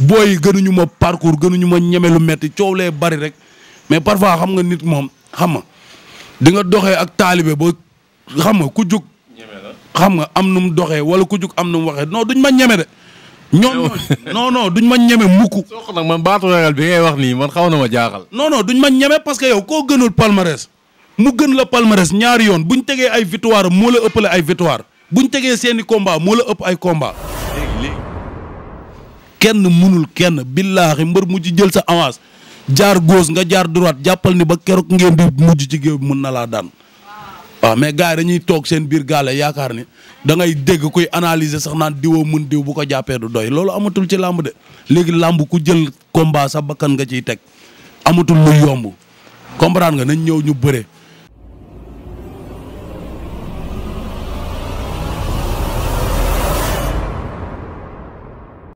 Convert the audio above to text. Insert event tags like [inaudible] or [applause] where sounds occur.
booy gënuñu ma parcours gënuñu ma ñeme lu metti coow lee bari rek mais parfois xam nga nit moom xam nga di nga doxee ak taalibe ba xam nga ku jug. xam nga am nu mu doxee wala ku jug am nu mu waxee non duñ ma ñeme de. no [laughs] no non duñ ma ñeme mukk. sox nag man baatu ragal bi ngay wax nii man xaw na ma jaaxal. non non duñ ma ñeme parce que yow koo gënul palmarès mu gën la palmarès ñaari yoon bu ñu tegee ay victoire moo la ëppale ay victoire buñ tegee seeni combat moo la ëpp ay combat kenn munul kenn billaahi mbër mujj jël sa avance jaar gos nga jaar droite jàppal ni ba keroog ngeen di mujj ci géew mun na laa daan waaw mais gars yi dañuy toog seen biir gaale yaakaar ni dangay ngay dégg koy analyser sax naan diwoo mun diw bu ko jàppee du doy loolu amatul ci làmb de léegi làmb ku jël combat sa bakkan nga ciy teg amatul lu yomb comprendre nga nañ ñëw ñu bëre.